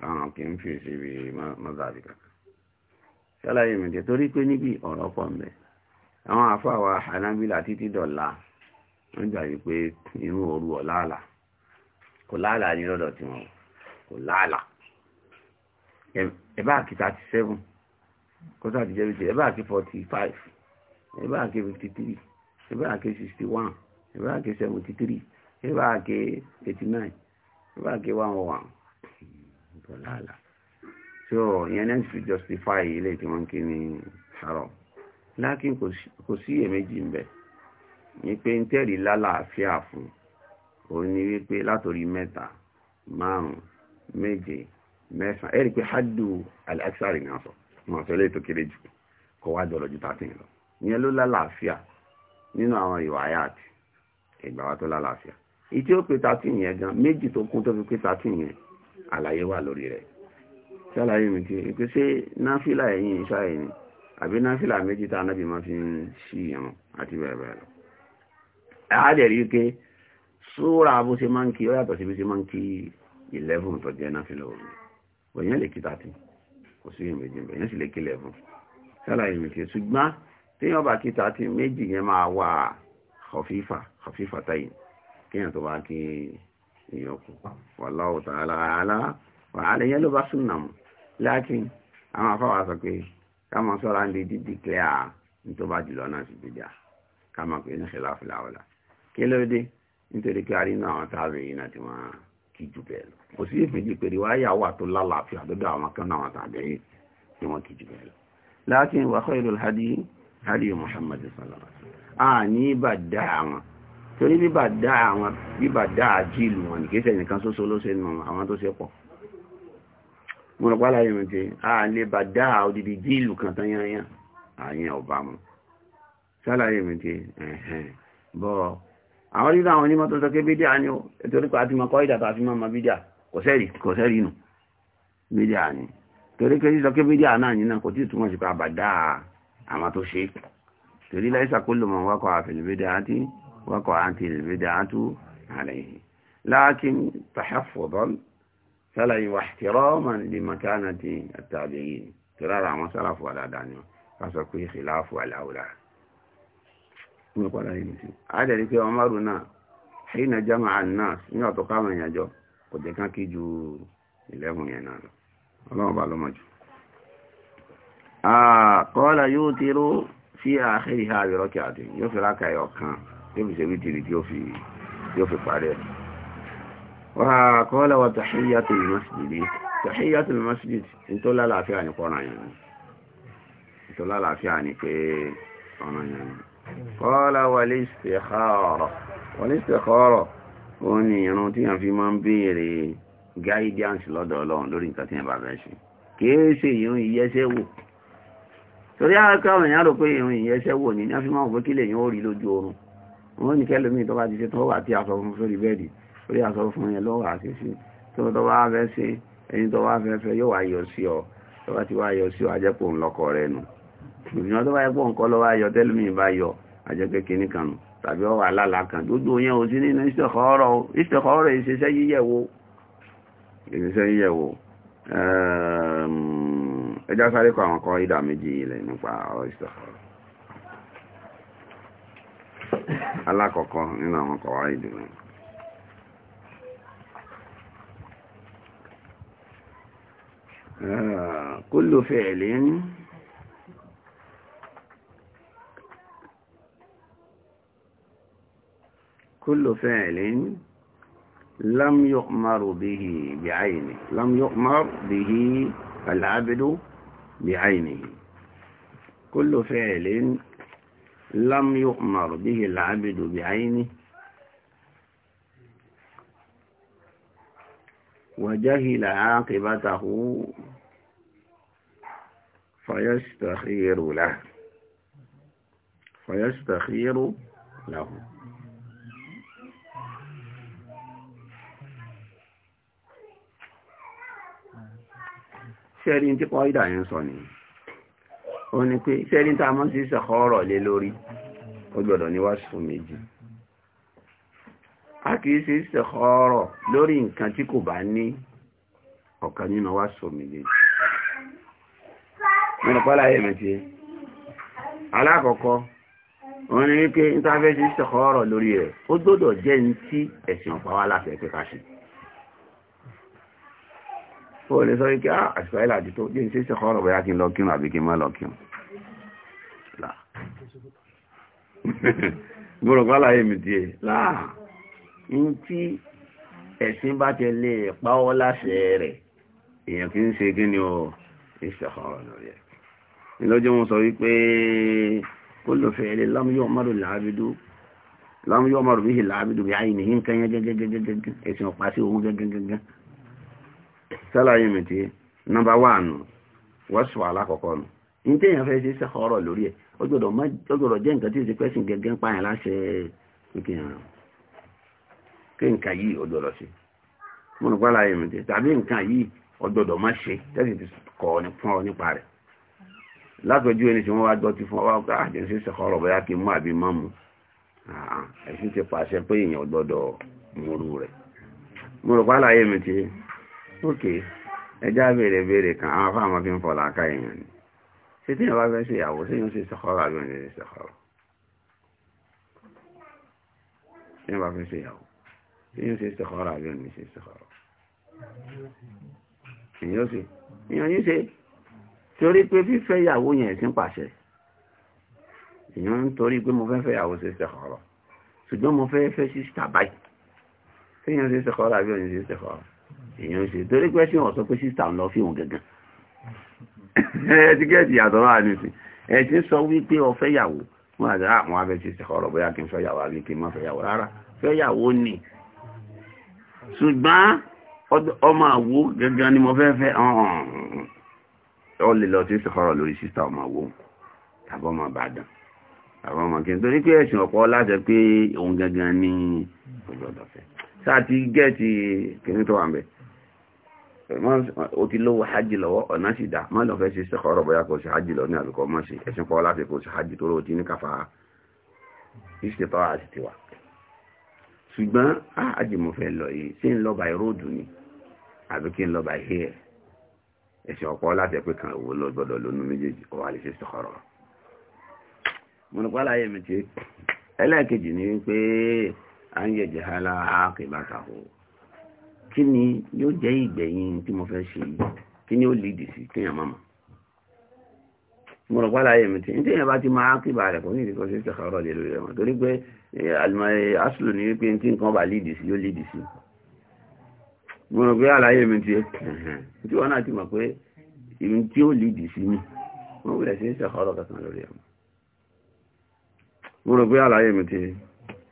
àwọn kì í fi síbi mọ́tàbí kankan ṣàlàyé mi jẹ́ torí pé níbi ọ̀rọ̀ pọ̀ ń bẹ àwọn àfàwà anábìlà títí dọ̀la wọ́n gbà wípé inú òru ọ̀láàlà kò láàlà ní lọ́dọ̀ tí wọ́n kò láàlà ẹ̀bá àkí 37 kọ́tà ti jẹ́ wípé ẹ̀bá àkí 45 ẹ̀bá àkí 53 ẹ̀bá àkí 61 ẹ̀bá àkí 73 ẹ̀bá àkí 89 ẹ̀bá àkí 101 dọ̀làlà so ìyẹn náà fi justify ilé tí wọ́n ń kí ní haram lákìn kò sí èméjì ń bẹ̀ ní pé ń tẹ̀rí lálàáfíà fún o ni wípé látòrí mẹ́ta márùn méje mẹ́sàn ẹ̀rí pé hadu al-aksari ni wọ́n sọ wọn sọ eléyìí tó kéré jù kọ wá dọ̀rọ̀ ju tààtì lọ ìyẹn ló lálàáfíà nínú àwọn ìwà àyàtì ìgbà wa tó lálàáfíà ìtí ó pé tààtì yẹn gan méjì tó kún tó fi pé tààtì yẹn àlàyé wà lórí rẹ̀ ṣàlàyé mi ti pé ṣé náfìlà ẹ̀yìn iṣẹ́ ẹ̀yìn ni àbí náfìlà méjì tá anábì máa fi ń ṣí ìyàn àti bẹ́ẹ̀ bẹ́ẹ̀ lọ. àádẹ́ rí pé súra bó ṣe máa ń kí ó yàtọ̀ sí bí ṣe máa ń kí eleven tó jẹ́ náfìlà òru òyìn lè kí thirty kò sí ìyàn méjì bẹ̀yìn sì lè kí eleven ṣàlàyé mi ti ṣùgbọ́n téèyàn bá kí thirty méjì yẹn máa wà kọfífà kọfífà táyì kéèyàn tó bá kí ìyókù wallahu ta'ala àlá wàhálà yẹn ló bá súnà mu lákin àwọn afáwà sọ pé káwọn sọ́ra ń di dídì clear nítorí bá jùlọ náà sì gbèjà káwọn pé ní ṣẹlá fìlàwọlà kí ló dé nítorí pé arínú àwọn táàbì yìí náà ti wọn kí jù bẹ́ẹ̀ lọ kò sí èméjì pé wáyà wà tó lálàáfíà dọ́dọ̀ àwọn kan náà tàbí yìí tí wọ́n kì jù bẹ́ẹ̀ lọ lákin wa khairul hadi hadi Muhammad sallallahu alaihi wasallam àní bàdá àwọn torí bíbà dá àwọn bíbà dá àjíìlù wọn ní kéṣẹ̀ nìkan ṣoṣo ló ṣe nù àwọn tó ṣe pọ̀ mo rọ̀ pálá yìí ti a lè bà dá odidi jíìlù kan tán yányán àyẹn ọba mu sálàyé mi ti ẹ̀hẹ̀n bọ́ àwọn nínú àwọn onímọ̀ tó sọ pé bídíà ni ó torí pé àti mọ̀kọ́ ìdàtọ̀ àfi mọ̀ bídíà kò sẹ́rì kò sẹ́rì nù bídíà ni torí pé sísọ pé bídíà náà yìí náà kò tí وقعت البدعة عليه لكن تحفظا فلي واحتراما لمكانة التابعين ترى ما سلف ولا دانيو فسر كوي خلاف والأولى نقول هذا لك عمرنا حين جمع الناس من أتقام يجو قد كان كيجو إليهم ينال الله بعلم مجو آه قال يوتر في آخر هذه آخرها يوتر يفرك يوكان yóò fi ṣe wítìrì tí yóò fi parí ẹ̀. وقال وتحية المسجد تحية المسجد انتو لا لا فيعني قرآن يعني انتو لا لا فيعني قرآن يعني قال والاستخارة والاستخارة oni irun tí yàn fi máa ń béèrè guidance lọ́dọ̀ ọlọ́run lórí nǹkan tí yàn bá fẹ́ ṣe kìí ṣe ìrun ìyẹ́ṣẹ́ wò torí àwọn akẹ́kọ̀ọ́ èèyàn rò pé ìrun ìyẹ́ṣẹ́ wò ní ní a fi máa wò pé kí lèyàn ó rí lójú oorun wọ́n ní kẹ́lómi tó bá ti ṣe tó wà tí aṣọ fún sórí bẹ́ẹ̀dì orí aṣọ fún yẹn lọ́wọ́ àti sí tó tó bá fẹ́ sí ẹni tó bá fẹ́ fẹ́ yóò wá yọ sí ọ tó bá ti wá yọ sí ọ ajẹ́pọ̀ ńlọkọ rẹ nù ìgbìmọ̀ tó bá yẹ pọ̀ ńkọ́ lọ́wọ́ ayọ̀ tẹ́lómi bá yọ ajẹ́pẹ́ kínní kan nù tàbí ọwọ́ alálà kan gbogbo yẹn ò sí nínú ìṣèkọ́rọ̀ ìṣèkọ́rọ̀ ìṣiṣẹ́ alákọ̀ọ́kọ́ nínú àwọn kọ̀wàá ìdìmọ̀ kó ló fẹ́ ẹ̀lẹ́ ní كل فعل لم يؤمر به بعينه لم يؤمر به العبد بعينه كل فعل لم يؤمر به العبد بعينه وجهل عاقبته فيستخير له فيستخير له شعر انتقائي إذا ينصني ó ní pé iṣẹ́ ní tá a mọ́ sí ṣàkọ́rọ̀ lé lórí ó gbọ́dọ̀ ní wáṣù méjì a kìí ṣe ṣàkọ́rọ̀ lórí nǹkan tí kò bá ní ọ̀kan nínú wáṣù méjì nínú pálá ayé mẹ́tì alákọ̀ọ́kọ́ wọ́n ní wípé ní tá a fẹ́ ṣe ṣàkọ́rọ̀ lórí rẹ̀ ó gbọ́dọ̀ jẹ́ ní tí ẹ̀sìn ọ̀pá wa láfẹ́ pé ká ó lè sọ wípé ah, àṣìkò ilẹ̀ àti tó jíǹsí sí ọ̀rọ̀ bóyá kí n lọ kírun àbí kí n má lọ kírun gbọ́rọ̀kọ́ aláyé mi díẹ̀ láà ń tí ẹ̀sìn bá ti lè pàwọ́ láṣẹ rẹ̀ èèyàn kí ń ṣe kí ni ó ìṣẹ̀kọ̀ọ̀rọ̀ lórí ẹ̀ ìlọ́jọ́ wọn sọ wípé kó lọ fẹ́ lé lámúyọ́ ọmọdún làábídú lámúyọ́ ọmọdún bíi sálàyé mi ti nọmba wà nù wọ́sù alákọ̀ọ́kọ́ nù ní téèyàn fẹ́ ṣe ṣe ọ̀rọ̀ lórí ẹ̀ ó gbọ́dọ̀ jẹ́ nǹkan tí ó ṣe se gẹ́gẹ́ ń pààyàn láṣẹ ìkìyàn kí nǹkan yìí ó gbọ́dọ̀ ṣe mo nù pàlà yìí mi ti tàbí nǹkan yìí ó gbọ́dọ̀ má ṣe tẹ́sí ti kọ́ ọ fún ọ nípa rẹ̀ ẹni tí wọ́n wá gbọ́ ti fún ọ ah, ṣe ṣe ọ̀rọ̀ n ok ẹjá béèrè béèrè kan àwọn afá àmọ́ fi ń fọ̀lá ká èèyàn ni ṣé tí ìyàwó fẹ́ ṣe ìyàwó sí yóò ṣe sọ̀kọ́rọ̀ àbí òní ṣe sọ̀kọ́rọ̀ tí ìyàwó fẹ́ ṣe ìyàwó sí yóò ṣe sọ̀kọ́rọ̀ àbí òní ṣe sọ̀kọ́rọ̀ èyí ó ṣe èyàn yìí ṣe torí pé fífẹ́ ìyàwó yẹn sí ń pàṣẹ èyàn ń torí pé mo fẹ́ fẹ́ ìyàwó ṣe sọ̀kọ́rọ̀ ṣùgbọ́n mo fẹ́ fẹ́ sí sàbáì sí yóò ṣe sọ̀kọ́rọ̀ àbí òní ṣe sọ̀kọ́rọ̀ èèyàn ṣe torí pé ṣé wọ́n sọ pé sísà ń lọ fi òun gẹ̀gẹ̀ ẹ ti gẹ́ẹ̀tì yàtọ̀ wà nísìn ẹ ti sọ wípé ọ fẹ́yàwó wọn àti àwọn ah, abẹ́ ti ṣe ọ̀rọ̀ bóyá kí n fẹ́yàwó àbí kí n má fẹ́yàwó rárá fẹ́yàwó ni ṣùgbọ́n ọmọ àwo gẹ́gẹ́ ni mo fẹ́ fẹ́ ọ lè lọ sí ṣọ̀rọ̀ lórí sísà ọmọ àwo tàbí ọmọ àbàdàn tàbí ọmọ kí n torí pé ẹ̀sìn ọ̀pọ̀ láti pé òun gẹ́gẹ́ ni ọjọ́ sáà ti gẹ́ẹ̀tì kìnnìtọ́ ó ti lówó hajj lọ́wọ́ ọ̀nà sì dá má lọ fẹ́ ṣe sẹ́kọ̀ọ́rọ̀ bóyá kò sí hajj lọ ní àbíkọ́ mọ́ sí ẹ̀sìn kọ́ láti kò sí hajj tó ló ti ní káfà ìṣèpá àti tiwa ṣùgbọ́n ah, hajj mo fẹ́ lọ yìí ṣé ń lọ by road ni àbí kí ń lọ by air ẹ̀sìn ọ̀pọ̀ láti ẹ̀pẹ́ kan òwò lọ gbọ́dọ̀ lónú méjèèjì kọ́ wà lè ṣe sẹ́kọ̀ọ́rọ̀ mo kí ni yóò jẹ́ ìgbẹ̀yìn tí mo fẹ́ ṣe yìí kí ni ó lìdì sí kéèyàn máa mọ̀ mo rọ̀ pálá ayé mi tí ní téèyàn bá ti máa kíbà rẹ̀ kò ní ìdíkọ̀ sí ìṣẹ̀kọ̀rọ̀ lè lórí ẹ̀wọ̀n torí pé asùlù ní wípé tí nǹkan bá lìdì sí yóò lìdì sí mo rọ̀ pé àlàyé mi ti tí wọ́n náà ti mọ̀ pé ìrìn tí ó lìdì sí ni wọ́n wùlẹ̀ sí ìṣẹ̀kọ̀rọ̀ kankan lórí ẹ̀wọ̀n mo rọ̀ pé mi ti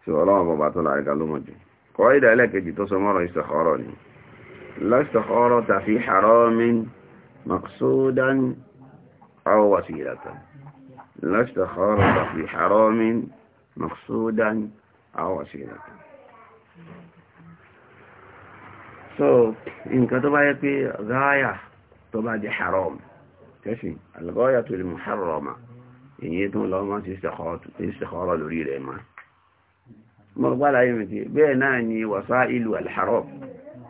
sọ̀rọ̀ ọlọ́run bàbá tó láàrín ká ló mọ̀ jù قائل لك دي تصمر استخاراني لا استخارة في حرام مقصودا أو وسيلة لا استخارة في حرام مقصودا أو وسيلة so, إن كتب في غاية طبعا حرام كيف الغاية المحرمة إن يتم لهم استخارة استخارة لريل إيمان mọ́rọ̀pá láyé mìtì bẹ́ẹ̀ náà ni wàsá ìlú alharam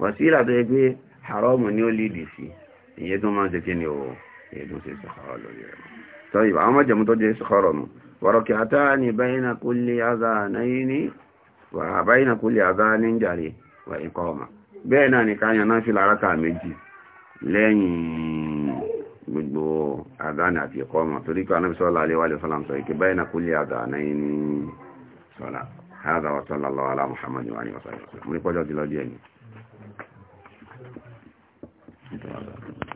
wàsílà tó yẹ pé haram ni ó lìdì sí ìyẹ́ tó máa ń tẹ́kẹ́ ni ó ẹ̀dùn sí sọ̀rọ̀ lórí rẹ̀ tọ́yì àwọn mọ́jẹ̀mú tó jẹ́ sọ̀rọ̀ nù wọ̀rọ̀kì àtàní báyìnà kúlé àzánáyìní wà báyìnà kúlé àzáni ń jàre wà ikọ́ ọmọ هذا وصلى الله على محمد وعلى وصحبه وسلم من قد جل